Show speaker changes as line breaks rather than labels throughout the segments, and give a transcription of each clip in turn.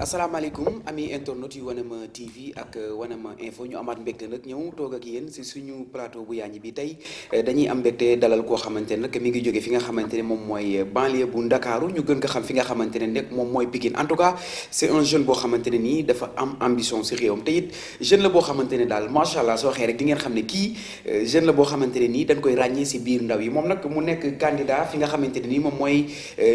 asalaamaaleykum ami internet yu Wanema TV ak euh, ma info ñu amaat mbégte nag ñëw toog ak yéen si suñu plateau bu yaañi bi tey euh, dañuy am mbégte dalal koo xamante ne nag mi ngi jóge fi nga xamante ne moom mooy euh, banlieue bu Ndakaaru ñu gën ko xam fi nga xamante ne nag moom mooy Pikine en tout cas c'est un jeune boo xamante ne nii dafa am ambition it jeune boo xamante ne daal macha allah soo waxee rek di ngeen xam ne kii jeune boo xamante ne nii dañ koy ràññee si biir ndaw yi moom nag mu nekk candidat fi nga xamante ne nii moom mooy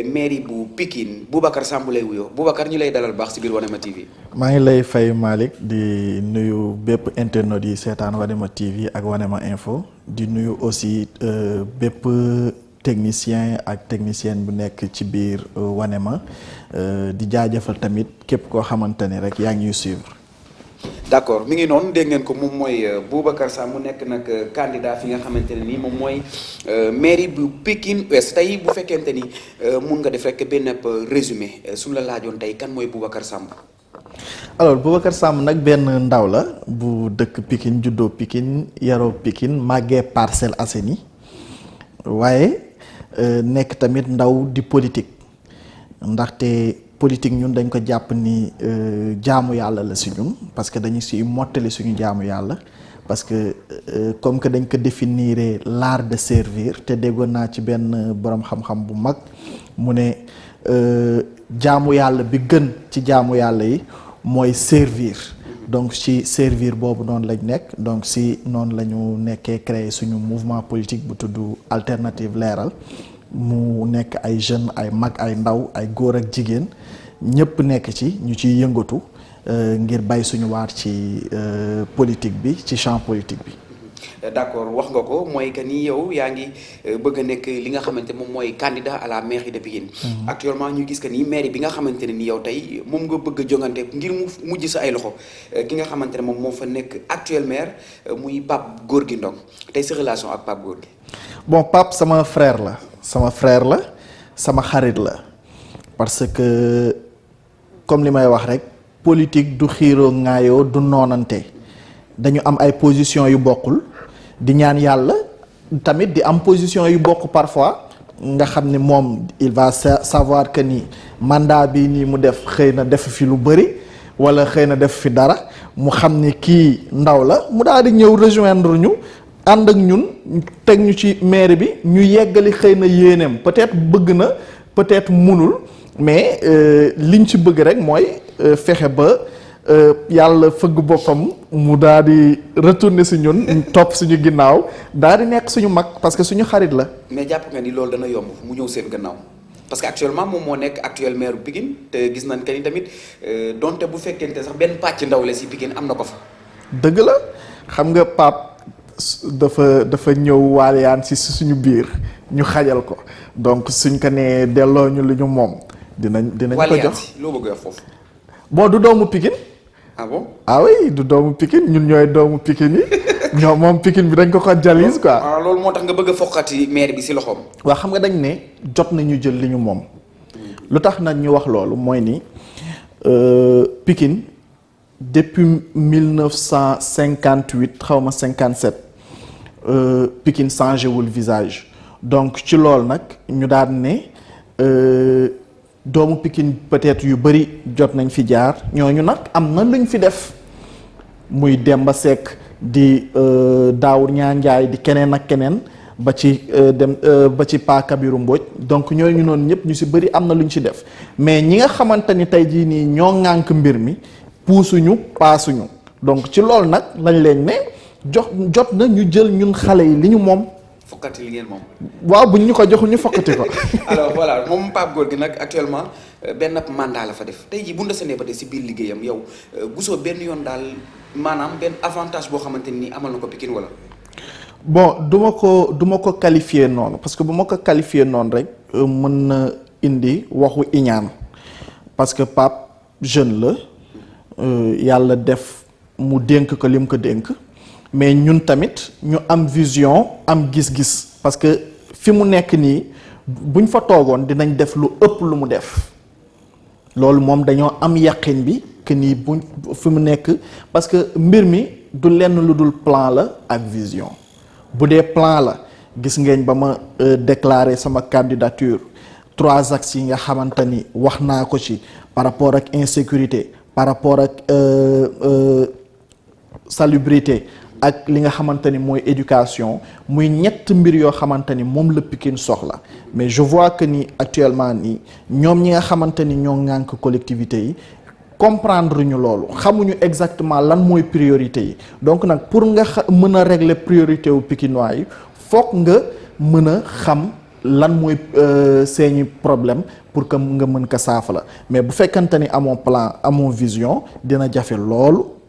mairie bu Pikine Boubacar Samb lay wuyoo Boubacar ñu lay dalal baax si biir Wanema TV.
maa ngi lay fay Malik, di nuyu bépp internautes yi seetaan Wanema TV ak Wanema info di nuyu aussi euh, bépp technicien ak technicienne bu nekk ci biir euh, Wanema euh, di jaajëfal tamit képp koo xamante ni rek yaa ngi ñuy suivre.
d'accord mi ngi non deg ngeen ko mom moy euh, Boubacar Sam mu nek nak euh, candidat fi nga xamanteni ni mom moy euh, mairie bu Pekin Ouest tay bu fekente ni mun nga def rek ben résumé suñu la lajone tay kan moy Boubacar Samb.
alors Boubacar Samb nak ben ndaw la bu dekk Pekin judo Pekin yaro Pekin màggee parcel aseni waye nek tamit ndaw di politique ndaxte. politique ñun dañ ko jàpp ni euh, jaamu yàlla la si ñun parce que dañu siy mottali suñu jaamu yàlla parce que euh, comme que dañ ko définir l'art de servir te déggoon naa ci benn borom xam-xam bu mag mu ne euh, jaamu yàlla bi gën ci jaamu yàlla yi mooy servir donc si servir boobu noonu lañ nekk donc si noonu la ñu nekkee créer suñu mouvement politique bu tuddu alternative leeral mu nekk ay jeunes ay mag ay ndaw ay góor ak jigéen ñëpp nekk ci ñu ciy yëngatu euh, ngir bay suñu waar ci euh, politique bi ci champ politique bi.
d'accord wax nga ko mooy que ni yow yaa ngi euh, bëgg a nekk li nga xamante moom mooy candidat la mairie de Pikine. Mhm. actuellement ñu gis que ni mairie bi nga xamante ne ni yow tey moom nga bëgg a ngir mu mujj sa ay loxo ki nga xamante ne moom moo fa nekk actuel maire muy Pape Gorgui Ndong tey sa relation
ak Pape gi bon Pape sama frère la. sama frère la sama xarit la parce que comme limay wax rek politique du xiiroo ŋaayoo du noonante dañu am ay position yu bokul di ñaan yalla tamit di am position yu bokk parfois nga xam mom il va savoir que ni mandat bi ni mu def xeyna def fi lu bari wala xeyna def fi dara mu xam ki ndaw la mu daal di rejoindre ñu and ak ñun tek ñu ci maire bi ñu yeggali xeyna na peut-être bëgg na peut-être mënul mais euh liñ ci bëgg rek moy euh, fexé ba euh yalla fëgg bopam mu daali retourner ci ñun top suñu ginnaw daali nekk suñu mag parce que suñu xarit la.
mais japp nga ni lool dana yomb mu ñew seen gannaaw. parce que actuellement mom mo nekk actuel maire Pikine te gis nañ que tamit euh donte bu fekkente sax ben patch ndaw la ci Pikine amna ko fa.
deug la xam nga pap dafa dafa ñew walian si suñu biir ñu xajal ko donc suñ ko né delloo ñu lu ñu moom dinañ dinañ ko jox
loo bëgg a foofu
bon du doomu pikine ah bon ah oui du doomu pikine ñun ñoy doomu pikine yi ñoom moom bi dañ ko ko jalis quoi ah
lool motax nga bëgg a maire bi ci loxom
wa xam nga dañ ne jot nañu jël li ñu moom lu tax ñu wax lool moy ni euh, pikine depuis 1958 xawma 57 Euh, Pikine changé wul visage donc ci loolu nag ñu daan ne euh, doomu Pikine peut-être yu bëri jot nañ fi jaar ñooñu nag am na luñ fi def muy Demba Seck di euh, Daawur Ñaanjaay di kenen, ak keneen ba ci dem ba ci Pa Kabiru Mbodj donc ñooñu noonu ñëpp ñu si bëri am na lu def mais ñi nga xamante ni tey jii nii ñoo ŋànk mbir mi puusuñu paasuñu donc ci loolu nag lañ leen ne jox jot na ñu jël ñun xalé yi li ñu mom
fokkati li ngeen mom
waaw buñ ñu ko joxu ñu fokkati ko.
alors voilà mom pap Pape gi nak actuellement euh, benn mandat la fa def tay ji bu ndasane ba tey ci biir liggéeyam yow euh, gusso ben yoon dal manam ben avantage bo xamanteni ni amal nako Pikine wala.
bon duma ko duma ko qualifier non parce que bu ma ko qualifier non rek euh, mën na indi waxu iñaan parce que pap jeune la yalla def mu denk ko lim ko denk mais ñun tamit ñu am vision am gis-gis parce que fi mu nekk ni buñ fa togon dinañ def lu ëpp lu mu def lool mom dañoo am yàqin bi que ni buñ fi mu nekk parce que mbir mi du lenn lu dul plan la ak vision bu dé plan la gis ngeen ba ma euh, déclarer sama candidature trois axes yi nga xamante ni wax naa ko ci par rapport ak insécurité par rapport ak euh, euh, salubrité ak li nga xamante moy éducation moy ñett mbir yo xamante mom le la Pikine soxla mais je vois que ni actuellement ni ñom ñi nga xamante ni ñoo collectivité yi comprendre ñu loolu xamuñu exactement lan moy priorité yi donc nag pour nga mën régler priorité wu Pikinois yi foog nga mën a xam lan mooy euh, seeni problème pour que nga mën ka saafara mais bu fekkante à mon plan mon vision dina jafé lolu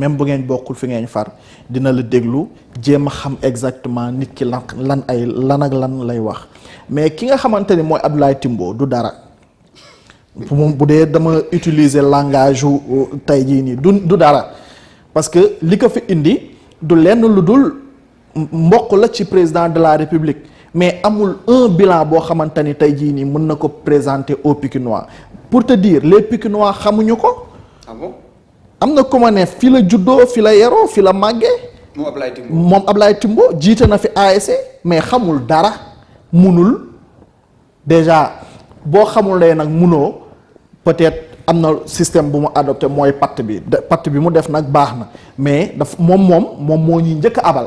même bu ngeen bokkul fi ngeen far dina la déglu jéem a xam exactement nit ki lan lan ay lan ak lan lay wax mais ki nga xamanteni ni mooy Abdoulaye Timbo du dara moom bu dee dama utiliser langage u tey du dara parce que li ko fi indi du lenn ludul dul mbokk la ci président de la république mais amul un bilan boo xamante ni tey jii mën nako présenter aux Pikinois pour te dire les Pikinois xamuñu ko. ah bon am na ku ma ne fi la juddoo fi la yeroo fi la màggee. moom Ablaye Timbo moom jiite na fi ASC mais xamul dara munul déjà boo xamulee nag munoo peut-être. am na système bu mu adopté mooy patt bi patt bi mu def nag baax na mais daf moom moom moom moo ñuy njëkk abal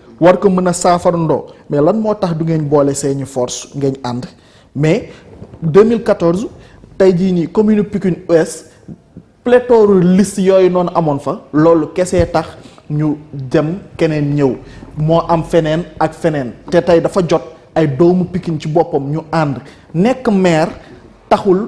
war ko mën a saafarandoo mais lan moo tax du ngeen boole seeni force ngeen ànd mais 2014 tey jii nii commune Pikine Ouest pléthore list yooyu noonu amoon fa loolu kesee tax ñu dem keneen ñëw moo am feneen ak feneen te tey dafa jot ay doomu Pikine ci boppam ñu ànd nekk maire taxul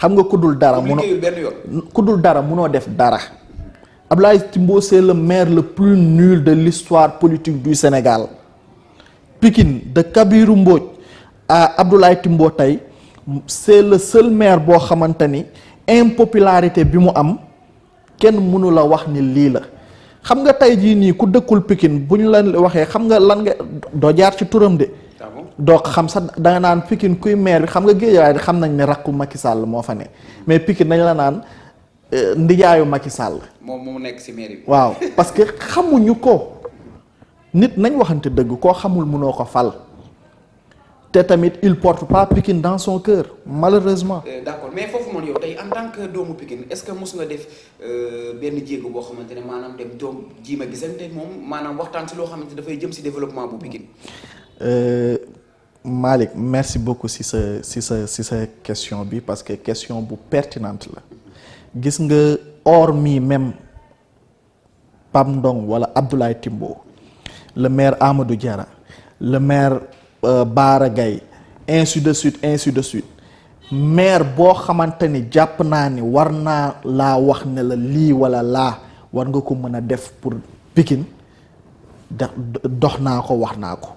xam nga ku dara. munoo ku dul dara munoo def dara. Ablaye Timbo c'est le maire le plus nul de l'histoire politique du Sénégal Pikine de Kabirou Mbodj à Abdoulaye Timbo tey c'est le seul maire boo xamante ni impopularité bi mu am kenn mënula wax ni lii la xam nga tey jii nii ku dëkkul Pikine bu ñu la waxee xam nga lan nga doo jaar ci turam de. donc xam sax da naan pikin kuy maire bi xam nga Guédiawaye xam nañ ne rakku Macky Sall moo fa ne mais Pikine nañ la naan euh, ndijaayu Macky Sall.
moom moo nekk ci maire bi. waaw
parce que xamuñu ko nit nañ waxante dëgg koo xamul mënoo ko fal. te tamit il porte pas Pikine dans son cœur malheureusement.
Euh, d'accord doomu Pikine est-ce que mos def euh, benn jéego boo xamante ne maanaam dem doom ji ma gisante moom maanaam waxtaan si loo xamante dafay jëm si développement bu Pikine.
Euh, Malik, merci beaucoup si cette si si question bi parce que question bu pertinente la gis nga même Pam ou wala Abdoulaye Timbo le maire Amadou Diara le maire euh, Baragay ainsi de suite ainsi de suite maire bo xamanteni ni la naa ni war naa wax ne la li wala la war nga ko def pour Pikine dox naa ko wax naa ko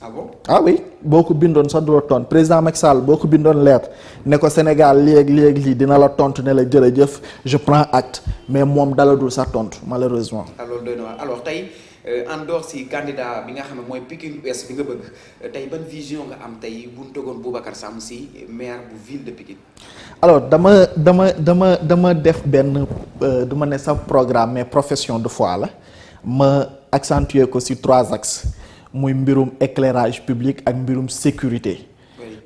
ah bon ah oui beaucoup ko bindoon sax du président Macky Sall boo ko bindoon lettre ne Sénégal léegi léegi li dina la tontu ne la jërëjëf je prends acte mais mom daladul sa tontu malheureusement.
alors doy alors euh, en dehors si candidat bi nga xam moy mooy Pikine bi nga bëgg euh, tay ban vision nga am tay bu ñu Boubacar Sam si maire bu ville de Pikine.
alors dama dama dama dama def benn euh, duma né sa programme mais profession de foi la me accentuer ko sur trois axes muy mbirum éclairage public ak mbirum sécurité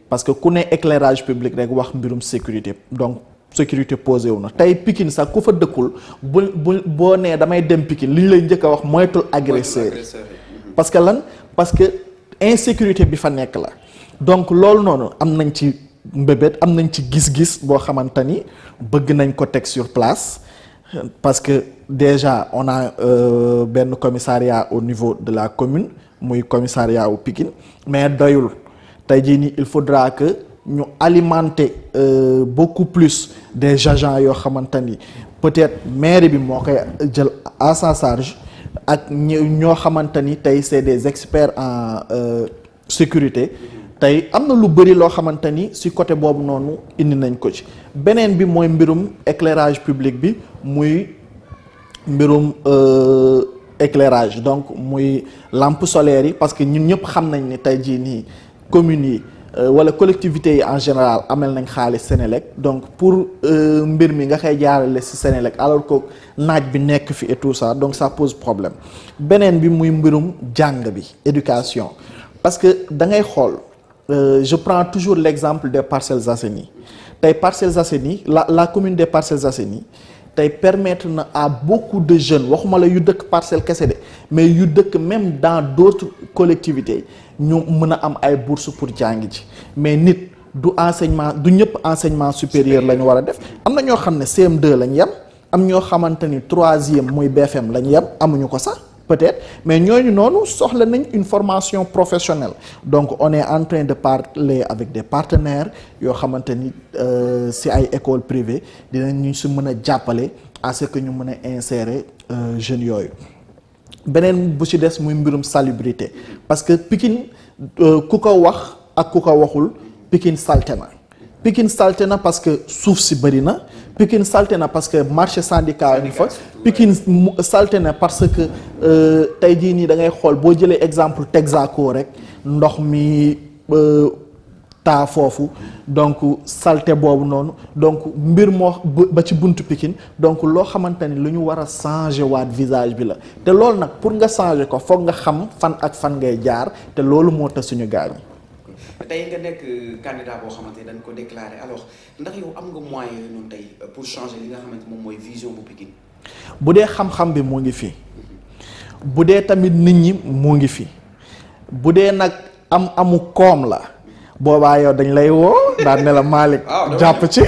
parce que ku ne éclairage public rek wax mbirum sécurité donc sécurité posé wu na tey Pikine sax ku fa dëkkul bu bu boo nee damay dem Pikine li ñu lay njëkk a wax moytul agresseur mhm. parce que lan parce que insécurité bi fa nekk la donc loolu noonu am nañ ci mbébét am ci gis-gis boo xamante ni bëgg nañ ko teg sur place parce que déjà on a euh, benn commissariat au niveau de la commune muy commissariat au Pikine mais doyul tey il faudra que ñu alimenter euh, beaucoup plus des agents yo xamante peut-être maire bi moo koy jël à sa charge ak ñoo xamante ni c'est des experts en euh, sécurité tay amna lu bëri lo xamante ci côté bobu noonu indi nañ ko ci benen bi moy mbirum éclairage public bi muy mbirum. Euh, éclairage donc muy lampe solaire parce que ñun ñëpp xam nañ ni tey jii commune euh, wala collectivités en général amel nañ xaalis Sénélec donc pour euh, mbir mi nga xey jaarale Sénélec alors que naaj bi nekk fi et tout ça donc ça pose problème benen bi muy mbirum jang bi éducation parce que da ngay halls euh, je prends toujours l'exemple des Parcelles Assainies tay Parcelles Assainies la la commune des Parcelles Assainies Tay permettre na à beaucoup de jeunes waxuma la yu dëkk parcelle kese de mais yu dëkk même dans d'autres collectivités ñu mën am ay bourses pour jàngi ji mais nit du enseignement du ñëpp enseignement supérieur la ñu def am na ñoo xam ne CM2 la ñu yem am ñoo xamante ni troisième muy BFM la ñu yem amuñu ko sax peut-être mais nous nous soxla nañ une formation professionnelle donc on est en train de parler avec des partenaires qui ont ni euh, si écoles privées dinañu si mën a à ce que nous mën insérer les euh, jeunes Yoy. Benen bu ci des salubrité parce que Pikin, euh, ku ko wax ak ku ko waxul Pikin Saltena parce que sous si bëri na pikin salte na parce que marché syndicat bi fa Pikine salte na parce que euh, tey jii nii da ngay xool boo jëlee exemple Texaco rek ndox mi euh, taa foofu donc salte boobu noonu donc mbir moo ba ci buntu Pikine donc loo xamante ni lu ñu war a changer waat visage bi la te loolu nag pour nga changer ko foog nga xam fan ak fan ngay jaar te loolu moo tax suñu gaañ
tay nga nek euh, candidat bo xamanteni dañ ko déclarer alors ndax yow am nga moyen yooyu tay euh, pour changer li nga xamanteni mom moy
vision bu Pikine budé xam-xam bi mo ngi fi budé tamit nit ñi mo ngi fi budé nak am amu koom la boobaa yow dañ lay wo da ne la malik ah, japp ci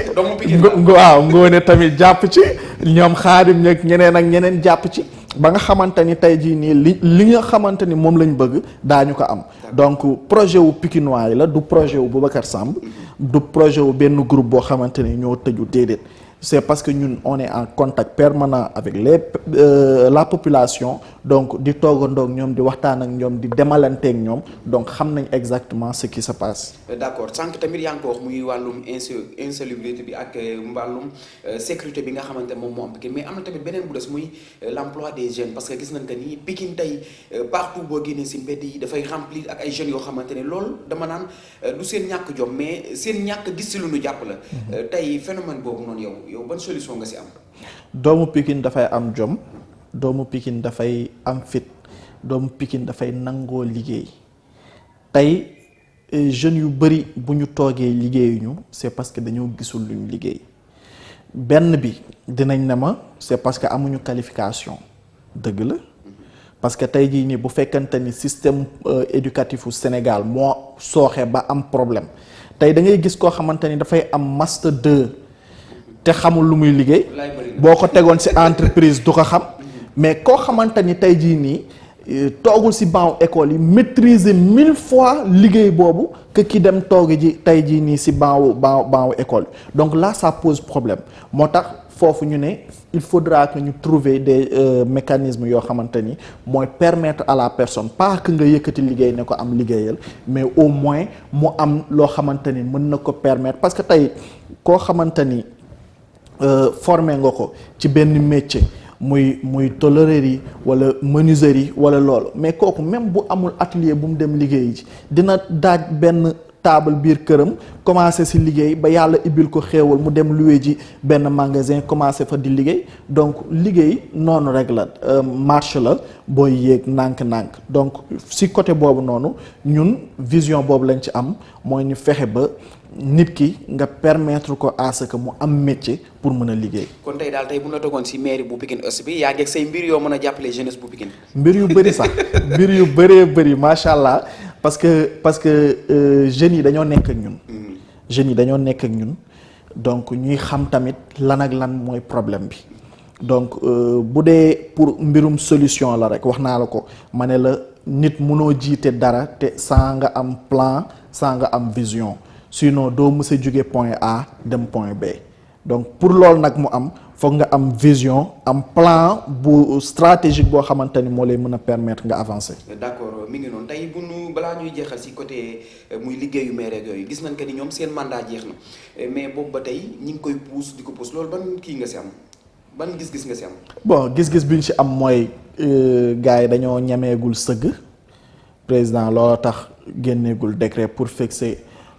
waaw ngoone tamit japp ci ñom xaarim ñeg ñeneen ak ñeneen japp ci ba nga xamante ni tey jii nii li li nga xamante ni moom lañ bëgg daa ñu ko am donc projet wu Pikinois yi la du projet wu Boubacar Samb mm-hmm. du projet wu benn groupe boo xamante ni ñoo tëju déedéet c'est parce que ñun on est en contact permanent avec les euh, la population donc di togondok ñom di waxtaan ak ñom di demalante ak ñom donc xamnañ exactement ce qui se passe.
Euh, d'accord sank tamir tamit ko wax muy walum insalubrité bi ak euh, wàllum euh, sécurité bi nga xamanté mom moo am Pikine mais amna tamit benen bu dess muy l'emploi des jeunes parce que gis nañ que ni pikin tay partout bo génnee si mbedd da fay remplir ak ay jeunes yo xamanté né lool dama nan du seen ñak jom mais seen ñak gis si lu ñu japp la. Mm-hmm. tay phénomène bobu non yow. yow ban solution nga si am.
doomu pikin dafay am jom doomu Pikine dafay am fit doomu pikin dafay nangoo liggéey tey e, jeunes yu bëri bu ñu toogee liggéeyuñu c'est parce que dañoo gisul luñ liggéey benn bi dinañ ne ma c'est parce que amuñu qualification dëgg la. parce que tey jii nii bu fekkante ni système e, éducatif u Sénégal moo sooxee ba am problème tey da ngay gis koo xamante ni dafay am master 2 te xamul lu muy liggéey boko tégon ci entreprise du ko xam mais koo xamante ni tey jii nii euh, ci banc école yi maîtriser mille fois liggéey bobu que ki dem toogi ji tey jii ci banc banc école donc là ça pose problème motax fofu ñu né il faudra que ñu trouver des euh, mécanismes yo xamante moy permettre à la personne pas que nga yëkëti liggéey ne ko am liggéeyal mais au moins mu am lo xamante ni mën na ko permettre parce que tay ko xamante Euh, formé nga ko ci benn métier muy muy tôlerie wala menuiserie wala lool mais kooku même bu amul atelier bu mu dem liggéey ji dina daaj benn table biir këram commencé si liggéey ba yàlla ibbil ko xéewal mu dem loué ji benn magasin commencé fa di liggéey donc liggéey noonu rek la euh, marche la booy yéeg nànk-nànk donc si côté boobu noonu ñun vision boobu lañ ci am mooy ñu fexe ba nit ki nga permettre ko à ce que mu am métier pour mën a liggéey.
kon tey daal tey bu ñu la toogoon si mairie bu Pikine Ouest bi yaa ngi say mbir yoo mën a jàppale jeunesse bu Pikine.
mbir yu bëri sax mbir yu bëree bëri macha allah parce que parce que euh, jeunes yi dañoo nekk ak ñun. Mm-hmm. jeunes yi dañoo nekk ak ñun donc ñuy xam tamit lan ak lan mooy problème bi. donc euh, bu dee pour mbirum solution la rek wax naa la ko ma ne la nit mënoo jiite dara te saa nga am plan sans nga am vision. sinon do mës a point A dem point B donc pour l'ol nak mu am foog nga am vision am plan bu stratégique bo xamante mo lay mën permettre nga avancer.
d'accord mi ngi noonu tey bu ñu balaa ñuy jeexal ci côté eh, muy liggéeyu mère ak yoy gis nañ que ni ñom seen mandat jéxna eh, mais boobu ba tay ñing koy pousse diko pousse loolu ban ki nga ci am ban gis-gis nga ci am.
bon gis-gis buñ ci am moy eh, gars yi dañoo ñamégul sëgg président looloo tax génneegul décret pour fixer.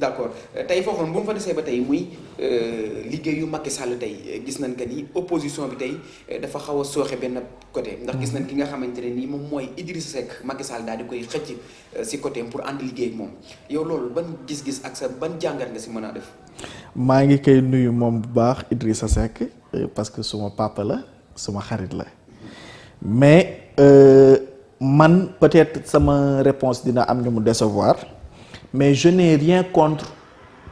d' accord euh, tey foofu noonu bu mu fa desee ba tey muy euh, liggéeyu Macky Sall tey euh, gis nañ que ni opposition bi tey dafa xaw a sooxe benn côté. ndax gis nañ mhm. ki nga xamante ne nii moom mooy Idrissa Seck Macky Sall daal di koy xëcc si côté pour ànd liggéey ak moom yow loolu ban gis-gis ak sa ban jàngat nga si mën a def.
maa ngi koy nuyu moom bu baax Idrissa Seck parce que suma papa la suma xarit la mais man peut-être sama réponse dina am ñu mu décevoir mais je n'ai rien contre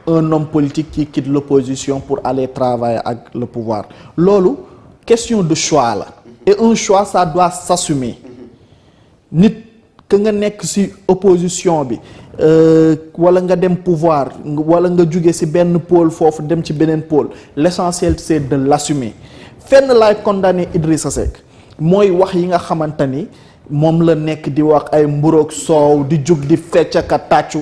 un homme politique qui quitte l'opposition pour aller travailler avec le pouvoir Lolo, question de choix Là. et un choix ça doit s'assumer nit que nga nekk ci opposition bi euh, wala nga dem pouvoir wala nga jóge ci benn pôle fofu dem ci beneen pôle l'essentiel c'est de l'assumer fenn la condamner Idrissa Seck moy wax yi nga xamantani mom la nek di wax ay mburoog soow di jug di fecc ak tatchu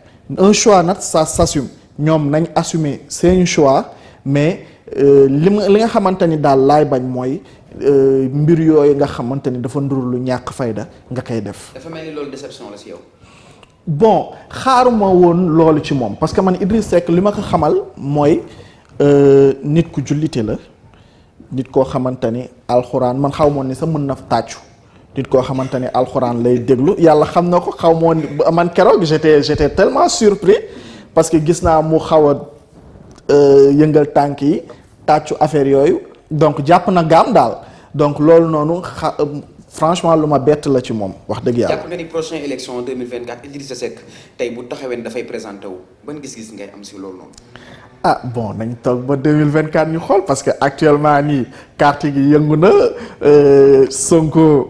un choix nag sa s'assume ñoom nañ assumer seenu choix mais euh, li ma li nga xamante ni daal laay bañ mooy euh, mbir yooyu nga xamante ni dafa ndur lu ñàkk fayda nga koy def.
dafa loolu déception si
bon xaaruma woon loolu ci moom parce que man Idriss Seck li ma ko xamal mooy euh, nit ku jullite la nit koo xamante ni alxuraan man xaw moon ni sax mën na tàccu. nit ko xamante alcorane lay deglu yalla xam xawmo man keroog j'étais j'étais tellement surpris parce que gisna mu xaw a euh, yëngal tanki tatchu affaire yoyu donc japp na gam dal donc loolu nonu franchement luma ma la ci mom wax deug yalla japp
nga ni prochain élection 2024 Idrissa Seck tay bu da fay présenté wu ban gis-gis ngay am ci loolu non
ah bon nañ tok ba 2024 ñu xol parce que actuellement ni carte yenguna yëngu na euh, Sonko.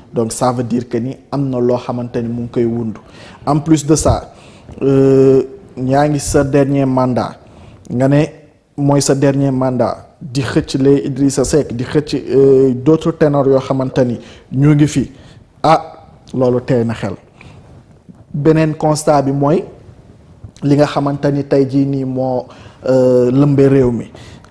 donc ça veut que ni am na loo xamante ni mu ngi koy wund en plus de ça ñaa euh, ngi sa dernier mandat nga ne mooy sa dernier mandat di xëcc les Idrissa Seck di xëcc euh, d'autres ténors yoo xamante ni ñu ngi fi ah loolu tey na xel beneen constat bi mooy li nga xamante ni tey jii nii moo euh, lëmbee réew mi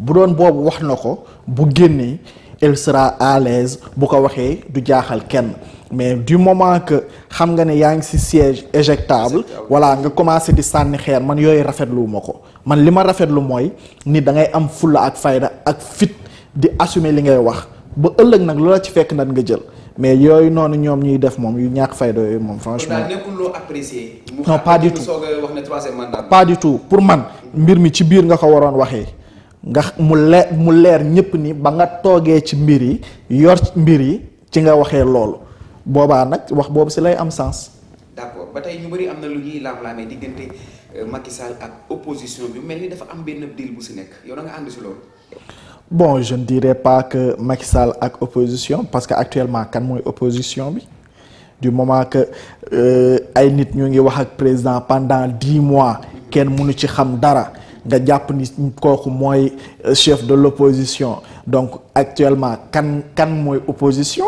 budon bobu waxnako bu génnee elle sera à l'aise bu ko waxé du jaaxal kenn mais du moment que xam nga né yaa ngi ci siège éjectable voilà nga commencé di sanni xéer man yoy rafetlu ma man lima ma rafetlu mooy ni da ngay am fulla ak fayda ak fit di assumer li ngay wax ba ëllëg nak lola ci fekk nag nga jël mais yoy nonu ñom ñuy def mom yu ñàkk fayda yoy mom franchement
lo non pas du tout
pas du tout pour man mbir mi ci bir nga ko waron waxé nga mu leer mu leer ñëpp ni ba nga toogee ci mbir yi yor mbir yi ci nga waxee loolu boobaa nag wax boobu si lay am sens.
d'accord ba tey ñu bëri am na lu ñuy laam-laamee diggante euh, Macky ak opposition bi mel dafa am benn bu si nekk yow da
bon je ne dirais pas que ak opposition parce que actuellement kan mooy opposition bi du moment que euh, ay nit ñu ngi wax ak président pendant dix mois kenn mënu ci xam dara. nga jàpp ni kooku euh, chef de l'opposition donc actuellement kan kan mooy opposition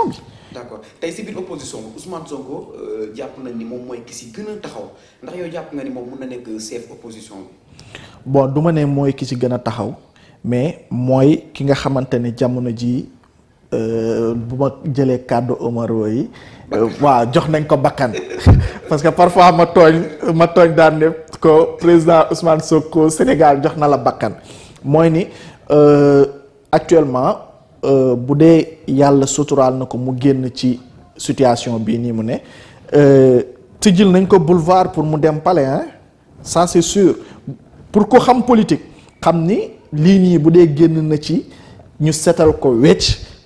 d'accord tey si biir opposition bi Ousmane Sonko euh, jàpp na ni moom mooy ki si gën a taxaw ndax yow jàpp nga ni moom mën na chef opposition
bon du ma ne mooy ki si gën taxaw mais mooy ki nga xamante ne jamono ji euh, bu ma jëlee kàddu Omaro yi. Euh, wa jox nañ ko bakkan parce que parfois ma tooñ ma tooñ daan ne ko président Ousmane Sonko Sénégal jox na la bakkan mooy ni euh, actuellement euh, bu dee yàlla suturaal na ko mu génn ci situation bii nii mu ne tijjil nañ ko boulevard pour mu dem palais hein ça c'est sûr pour ko xam politique xam ni lii nii bu dee génn na ci ñu seetal ko wecc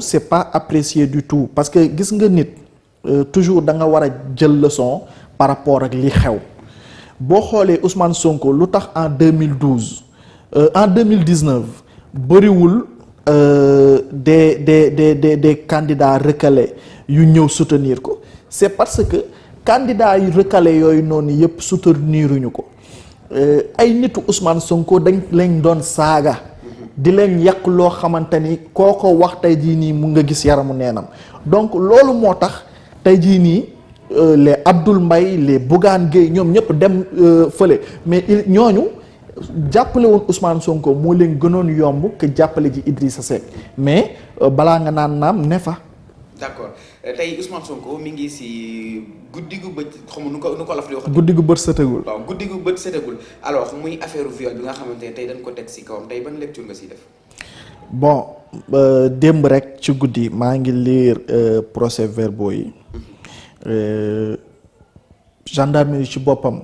c'est n'est pas apprécié du tout parce que gis nga nit euh, toujours da nga wara leçon par rapport à li si boo Ousmane Sonko en 2012 euh, en 2019 il euh, des des des des candidats recalés yu ont soutenir ko parce que les candidats recalés ont soutenu yëpp souteniruñu ko ay Ousmane Sonko dañ lañ doon saga di leen yàq loo xamante ni ko wax tey jii ni mu nga gis yaramu neenam donc loolu moo tax tey jii nii euh, les Abdoul Mbaye les Bougane Gueye ñoom ñëpp dem euh, fële mais il ñooñu jàppale Ousmane Sonko moo leen gënoon yomb ji Idrissa Seck mais euh, balaa nga naan naam
d'accord. tey Ousmane Sonko mi ngi si guddi gu bët xam ko nu ko la di wax. guddi gu bët setagul. waaw guddi gu bët setagul alors muy affaire viol bi nga xamante ne tey dañ ko teg si kawam tey ban lecture nga siy def.
bon démb rek ci guddi maa ngi lire euh, procès verbaux yi mhm. euh, gendarmerie ci boppam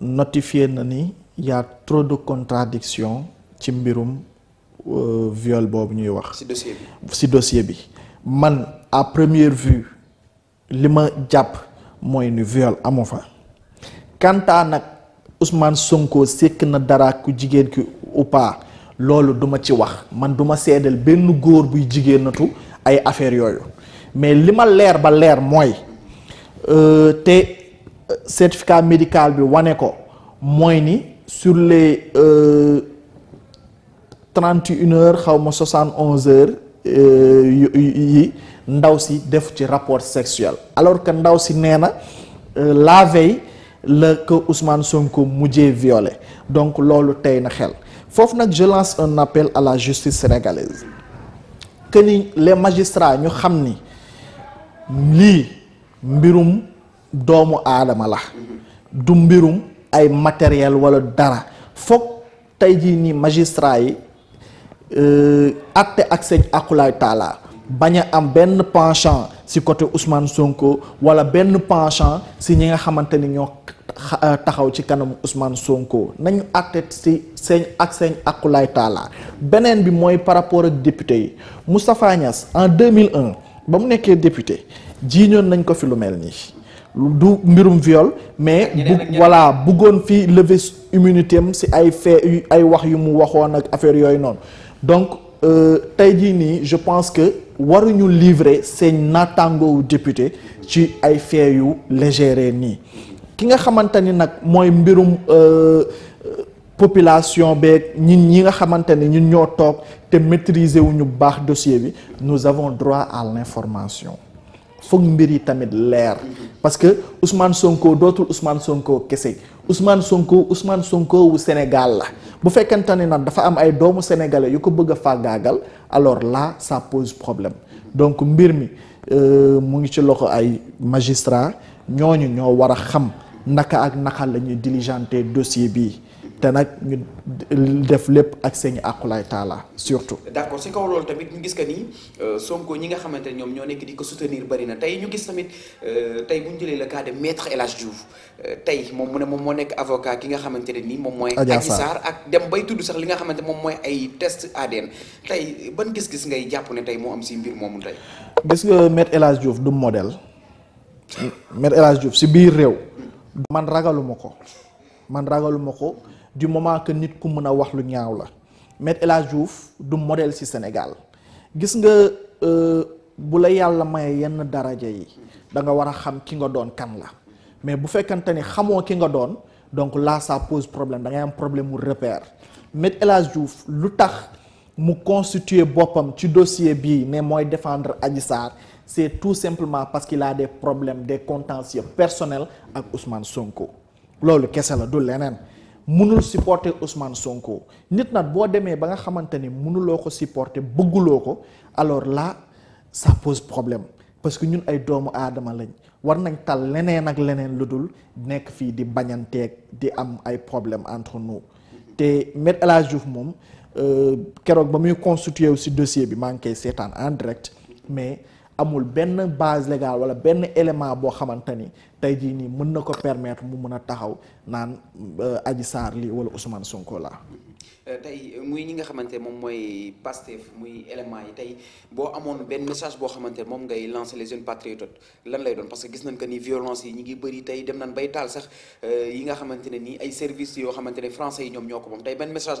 notifié na ni y a trop de contradiction ci mbirum euh, viole boobu ñuy wax. si dossier si dossier bi man. à première vue li ma jàpp mooy ni viol amu fa kantaa nak Ousmane Sonko c'est na dara ku que ou pas lolo duma ci wax man duma seedal benn góor buy jigéenatu ay affaire yooyu mais li ma leer ba leer euh, te euh, certificat médical bi waneko. ko ni sur les euh, trente et une heures xaw onze heures ndawsi si def ci rapport sexuel alors que nous si nee euh, la veille le que Ousmane Sonko mujjee violé donc lolu tay na xel fof nak je lance un appel à la justice sénégalaise que les magistrats ñu xam ni lii mbirum doomu aadama la du mbirum ay matériel wala dara foog tay jii nii magistrats yi euh, acte ak seen akulaay taala bañ a am benn penchant si côté Ousmane Sonko wala benn penchant si ñi nga xamante ni ñoo euh, taxaw ci kanamu Ousmane Sonko nañu àtte si seen ak seen akulaay taala beneen bi mooy par rapport ak député yi Moustapha Niass en 2001 ba mu nekkee député jiiñoon nañ ko fi lu mel nii du mbirum viole mais bu voilà bëggoon fi lever immunité am si ay fait ay wax yu mu waxoon ak affaire yooyu noonu donc Euh, tey je pense que waruñu livrer c'est n'atango député ci ay faits yu légère nii ki nga xamante nak moy mbirum euh, population beeg ñin ñi nga xamante ñun ñoo tok té maîtriser wuñu baax dossier bi nous avons droit à l'information foog mbiri tamit leer parce que Ousmane Sonko dootul Ousmane Sonko kessé Ousmane Sonko Ousmane Sonko wu Sénégal la bu fekkente ne nag dafa am ay doomu sénégalais yu ko bëgg a fàggaagal alors la ça pose problème donc mbir mi euh, mu ngi ci loxo ay magistrats ñooñu ñoo war a xam naka ak naka la ñuy diligenter dossier bii. te ñu def lepp ak señ akulay taala surtout. d'accord
accord si kaw loolu tamit ñu gis que ni euh, Sonko ñi nga xamantene ñom ñoom ñoo nekk di ko soutenir bari na tay ñu gis tamit euh, tay buñu jëlé le cas de maître elage Diouf euh, tey mu ne mom mo nekk avocat ki nga xamantene ni mom moy ak dem bay tuddu sax li nga xamantene mom moy ay test ADN tay ban gis-gis ngay japp ne tay mo am ci mbir moomu tay
gis nga maître elage Diouf du model maître elage Diouf biir man ragalumako man ragalumako du moment que nit ku meuna wax lu ñaaw la met El Hadj du model ci senegal gis nga euh, bu la yalla may yenn daraaje yi da nga wara xam ki nga doon kan la mais bu fekkante xamoo ki nga doon donc là ça pose problème da nga am problème mu repère met El Hadj Diouf lu tax mu constituer bopam ci dossier bi ne moy défendre adissar c'est tout simplement parce qu'il a des problèmes des contentieux personnels ak Ousmane Sonko loolu kessela du munul supporter Ousmane Sonko nit nag boo demee ba nga xamante ni munuloo ko supporter bëgguloo ko alors là sax pose problème parce que ñun ay doomu aadama lañ war nañ tal leneen ak leneen lu dul nekk fii di bañanteeg di am ay problème entre nous te Me El Hadji Diouf moom euh, keroog ba muy constitué wu si dossier bi maa ngi koy seetaan en mais. amul benn base légale wala benn élément boo xamante ni tey jii nii mën na ko permettre mu mën a taxaw naan euh, Adji Sarr lii wala Ousmane Sonko la
euh, tey muy ñi nga xamante moom mooy Pastef muy éléments yi tey boo amoon benn message boo xamante moom ngay lancer les jeunes patriotes lan lay doon parce que gis nañ que ni violence yi ñi ngi bëri tey dem nañ bay taal sax euh, yi nga xamante ne nii ay services yoo xamante ne français yi ñoom ñoo ko moom tey benn message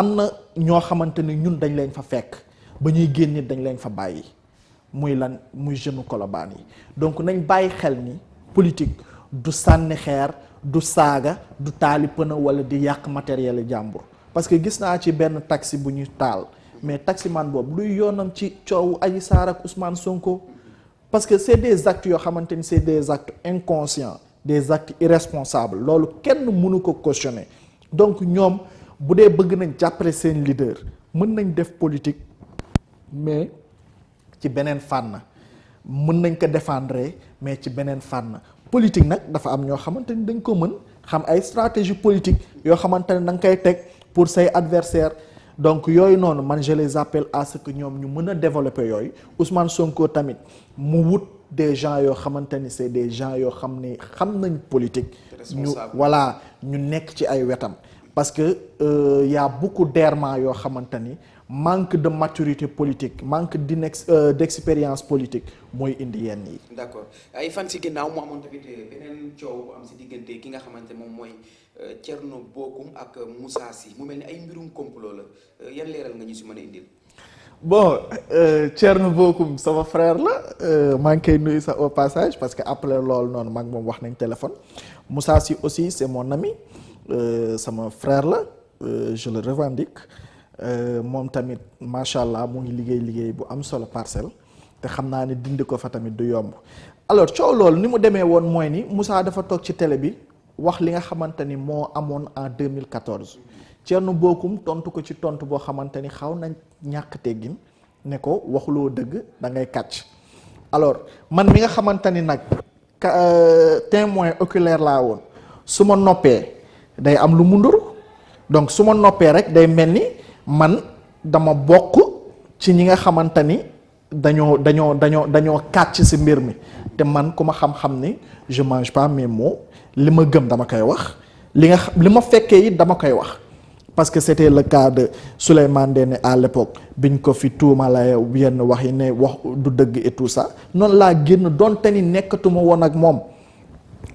Nous ñoo ñun dañ leen fa fekk ba ñuy génn dañ leen fa bàyyi muy lan muy jeune Colobane donc nañ bàyyi xel ni politique du sànni xeer du saaga du parce que gis naa ci taxi mais yoonam ci ak Ousmane parce que c'est des actes des actes inconscients des actes irresponsables loolu kenn ko donc ñoom bu dee bëgg nañ jàppale seen leader mën nañ def politique mais ci beneen fànna mën nañ ko défendre mais ci beneen fànn politique nag dafa am ñoo xamante ni dañ ko mën xam ay stratégie politique yoo xamante ne da koy teg pour say adversaire donc yooyu noonu man je les à que ñoom ñu mën a développer yooyu Ousmane Sonko tamit mu wut des gens yoo xamante ni c'est des gens yoo xam ni xam nañ politique. ñu voilà ñu nekk ci ay wetam. parce que euh, y a beaucoup d'errements yo xamante manque de maturité politique manque euh, d'expérience politique moy indi yenn yi.
d'accord ay fan si ginnaaw mu amoon benen euh, beneen coow am ci diggante ki nga xamanté mom moy euh, Thierno ak Moussa Sy mu melni ay mbirum complot la euh, yan léral nga ñu ci mëna indil.
bon Thierno Bocoum sama frère là. Euh, ngi koy ça au passage parce que après loolu non, mag moom wax nañ téléphone Moussa Sy aussi c'est mon ami. Euh, sama frère euh, je le revendique euh, Mon tamit Mashallah allah mu ngi liggéey liggéey bu am solo parcelle te xam ni ne ko fa tamit du yomb alors coow lol, ni mu demee won mooy ni Moussa dafa toog ci télé bi wax li nga xamante ni moo en 2014 Thierno bokum tontu ko ci tontu bo xamante xaw na ñàkk teggin ne ko waxulo dëgg da ngay kàcc alors man mi nga xamante nak euh témoin oculaire la won suma noppé day am lu mu donc su ma noppee rek day mel ni man dama bokk ci ñi nga xamante ni dañoo dañoo dañoo dañoo kàcc si mbir mi te man ku ma xam-xam ni je mange pas mes mots li ma gëm dama koy wax li nga li ma fekkee it dama koy wax parce que la le cas de Souleymane Ndéné à bi biñ ko fi tuumalee yenn wax yi ne wax du dëgg et sax ça noonu laa génn doon ni nekkatuma woon ak moom.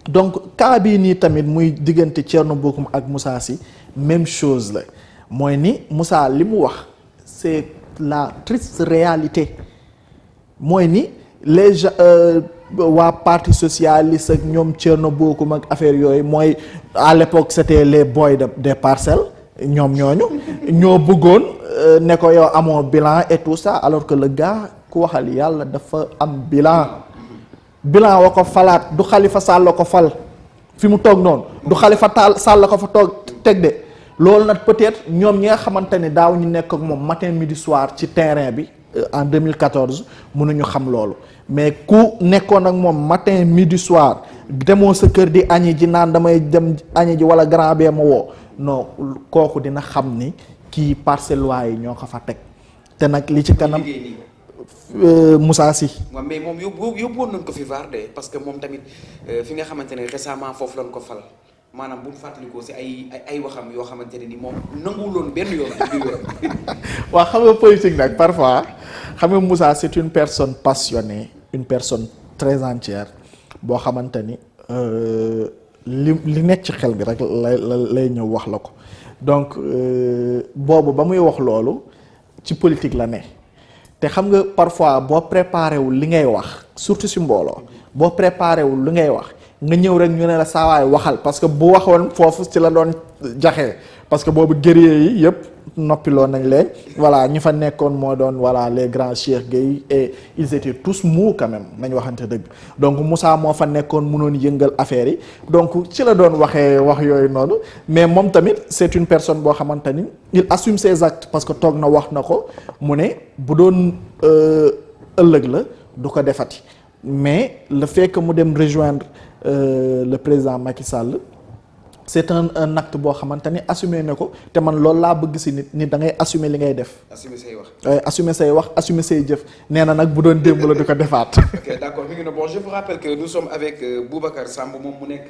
donc Kabi ni tamit muy diggante Thierno ak Moussa si, même chose la ni Moussa limu c'est la triste réalité Moi ni les euh, wa parti socialiste ak ñoom Thierno ak affaire yooyu à l'époque c'était les boys de des parcelles nyom ñooñu ñoo bëggoon euh, ne ko yow amoo bilan et tout ça alors que le gars ku waxal dafa am bilan bilan wa ko falaat du xalifa Sall la ko fal fi mu toog noonu du xalifa taal Sall ko fa toog teg de loolu nag peut-être ñoom ñi nga xamante ni daaw ñu nekk ak moom matin midi soir ci terrain bi euh, en mille 2014 mënuñu xam loolu mais ku nekkoon ak moom matin midi soir demoo sa kër di añi ji naan damay dem añi ji wala grand bee ma woo noo kooku dina xam ni kii parcelles yi ñoo ko fa teg te nag li ci kanam.
Euh, Moussa Si. waaw mais mom, yóbbu yóbbuwoon nañ ko fi VAR parce que mom tamit euh, fi nga xamante récemment foofu lañ ko fal maanaam bu ñu fàttalikoo si ay ay waxam yo xamante ne ni moom nanguwuloon benn yoon bi di
waaw xam politique nak parfois xam Moussa c'est une personne passionnée une personne très entière Bo xamante ni euh, li li nekk ci xel bi rek lay lay wax la ko donc boobu ba muy wax loolu ci politique la ne. te xam nga parfois boo préparé wul li ngay wax surtout si mbooloo boo préparé wul li ngay wax nga ñëw rek ñu ne la saawaay waxal parce que bu waxoon foofu ci la doon jaxe parce que bobu guerrier yi nopi lo nañ leen voilà ñu fa nekkoon moo doon voilà les grands Cheikh Gueye et ils étaient tous mous quand même nañ waxante dëgg donc Moussa mo fa nekkoon mënoon yëngal affaire yi donc ci la doon waxé wax yoy noonu mais mom tamit c'est une personne bo xamante il assume ses actes parce que tok na wax nako mu ne bu doon euh, ëlëg la du ko mais le fait que mu dem rejoindre euh, le président Macky Sall c'est un un acte bo xamante assumer nako ko te man loolu la bëgg ci nit ni da ngay assumer li ngay def. assumer say wax. assumer say wax assumer say jëf nee nak bu doon démb la di ko defaat.
ok d'accord mi ngi ne bon je vous rappelle que nous sommes avec euh, Boubacar Samb mom mu nekk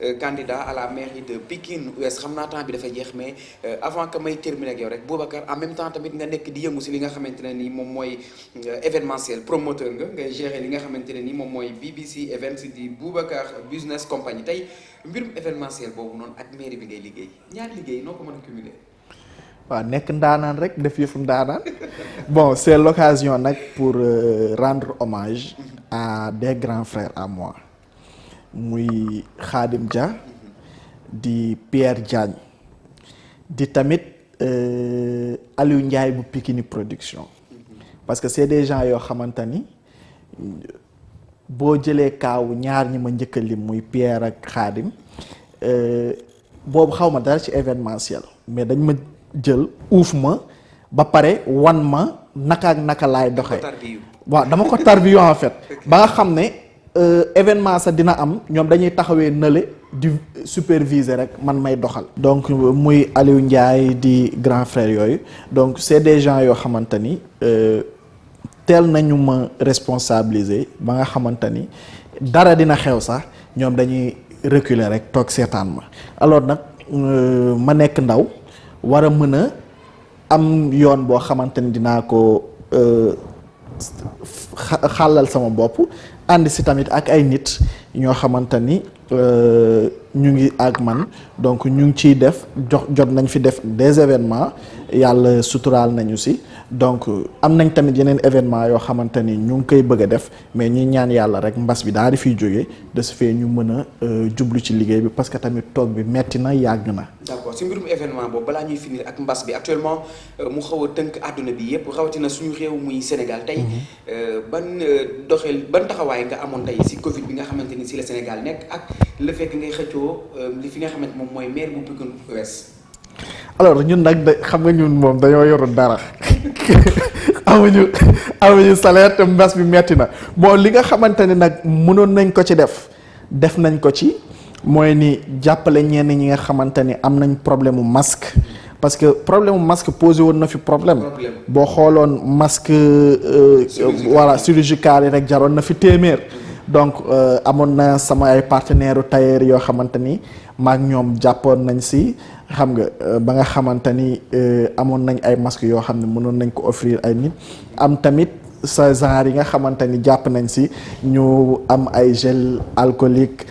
euh, candidat à la mairie de Pikine Ouest xamna naa temps bi fa jeex mais euh, avant que may terminer ak yow rek Boubacar en même temps tamit nga nek di yëngu ci li nga xamante ne ni moom mooy événementiel promoteur nga ngay gérer li nga xamante ni mom moy BBC Events di Boubacar Business Company tay mbirum événementiel bobu non ak mairie bi ngay liggéey ñaar liggéey noo mëna cumuler
waaw nekk ndaanaan rek def yëfum ndaanaan bon c'est l'occasion nag pour euh, rendre hommage à des grands frères à moi muy Khadim Dia di Pierre Diagne di tamit euh, Aliou Ndiaye bu Pikini Production mm-hmm. parce que c'est des gens yoo xamante ni boo jëlee kaawu ñaar ñi ma njëkk a muy Pierre ak Xaadim euh, boobu xaw ma dara ci événement événementiel mais dañ ma jël uuf ma ba pare wan ma naka naka laay doxee waaw dama ko tarbiyu en fait ba nga xam ne euh, événement sa dina am ñoom dañuy taxawee nële di superviser rek man may doxal donc muy Aliou Ndiaye di grand yooyu donc c'est des gens yoo xamante ni euh, teel nañu ma responsabiliser ba nga xamante ni dara dina xew sax ñoom dañuy reculer rek toog seetaan ma alors nag euh, ma nekk ndaw war a mën a am yoon boo xamante ni dinaa ko euh, xàllal sama bopp ànd si tamit ak ay nit ñoo xamante ni Euh, ñu ngi ak man donc ñu ngi ciy def jox jot nañ fi def des événements yàlla suturaal nañu si donc am nañ tamit yeneen événement yoo xamante ñu koy bëgg def mais ñi ñaan yalla rek mbass bi daal fi joggé de ce fait ñu mëna a euh, jublu ci liggéey bi parce que tamit tok bi metti na yag na.
d'accord ci mbirum événement boobu bala ñuy finir ak mbass bi actuellement euh, mu xaw teunk aduna bi yépp rawati na suñu réew muy Sénégal tey mhm. ban doxel ban taxaway nga amoon tay ci Covid bi nga xamanteni ci le Sénégal nek ak. la fekk ngay xëccoo euh, li nga xamante moom mooy maire bu
alors ñun nag da xam nga ñun moom dañoo yorul dara amuñu amuñu salaire te bi metti na bon li nga xamante ne nag mënoon nañ ko ci def def nañ ko ci mooy ni jàppale ñenn ñi nga xamante ni am nañ problème mu masque. parce que problème mu masque posé woon na fi problème boo xooloon masque. Euh, euh, voilà chirurgical yi rek jaroon na fi téeméer. donc euh, amoon na sama ay partenaires tailleur yoo xamante ni maak ñoom jàppoon nañ si xam nga euh, ba nga xamante ni euh, amoon nañ ay masques yoo xam ne mënoon nañ ko offrir ay nit am tamit sa genre yi nga xamante ni jàpp nañ si ñu am ay gel alcoolique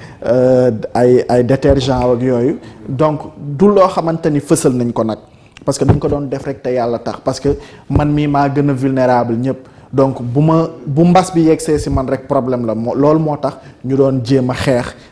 ay ay détergent ak yooyu donc du loo xamante ni fësal nañ ko nag parce que dañ ko doon def rek te yàlla tax parce que man mii maa gën a vulnérable ñëpp donc bu ma bu mbas bi yegsee si man rek problème la moo loolu moo tax ñu doon jéem a xeex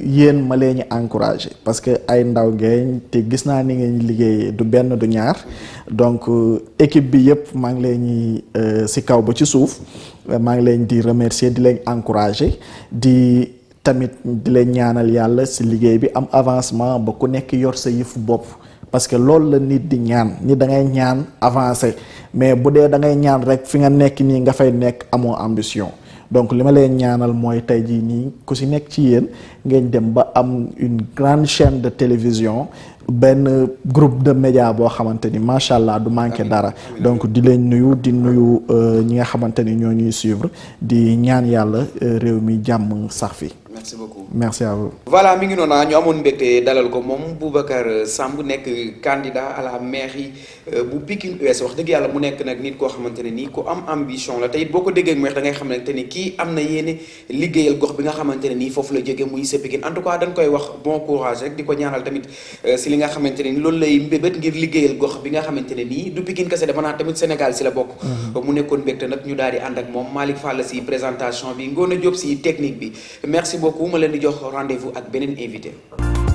yéen ma leen ñu encouragé parce que ay ndaw ngeen te gis naa ni ngeen liggéey du benn du ñaar donc euh, équipe bi yëpp maa ngi leen ñi si euh, kaw ba ci suuf maa ngi leen di remercier di leen encouragé di tamit di leen ñaanal yàlla si liggéey bi am avancement ba ku nekk yor sa yëfu bopp parce que loolu la nit di ñaan nit da ngay ñaan avancé mais bu dee da ngay ñaan rek fi nga nekk nii nga fay nekk amoon ambition donc li ma leen ñaanal mooy tey jii nii ku si nekk ci yéen ngeen dem ba am une grande chaine de télévision benn groupe de média boo xamante ni macha allah du manqué dara donc di leen nuyu di nuyu euh, ñi nga xamante ni ñoo ñuy suivre di ñaan yàlla euh, réew mi jàmm sax fi merci beaucoup. merci à vous.
voilà mi ngi noona ah, ñu amoon mbégte dalal ko moom Boubacar Samb nekk candidat à la mairie euh, bu Pikine US wax dëgg yàlla mu nekk nag nit ko xamante ni ko am ambition la te boko boo ko déggee da ngay xamante ki amna am na liggéeyal gox bi nga xamante ne nii la jóge muy sa Pikine en tout cas dañ koy wax bon courage rek diko ñaanal tamit euh, si li nga xamante ne loolu lay mbébet ngir liggéeyal gox bi nga xamante ne du Pikine kasse dafa naa tamit Sénégal si la mm-hmm. mu nekkoon mbégte nak ñu daal di ak Fall si présentation bi ngona Diop si technique bi merci beaucoup. beaucoup ma di jox rendez fu ak beneen invité.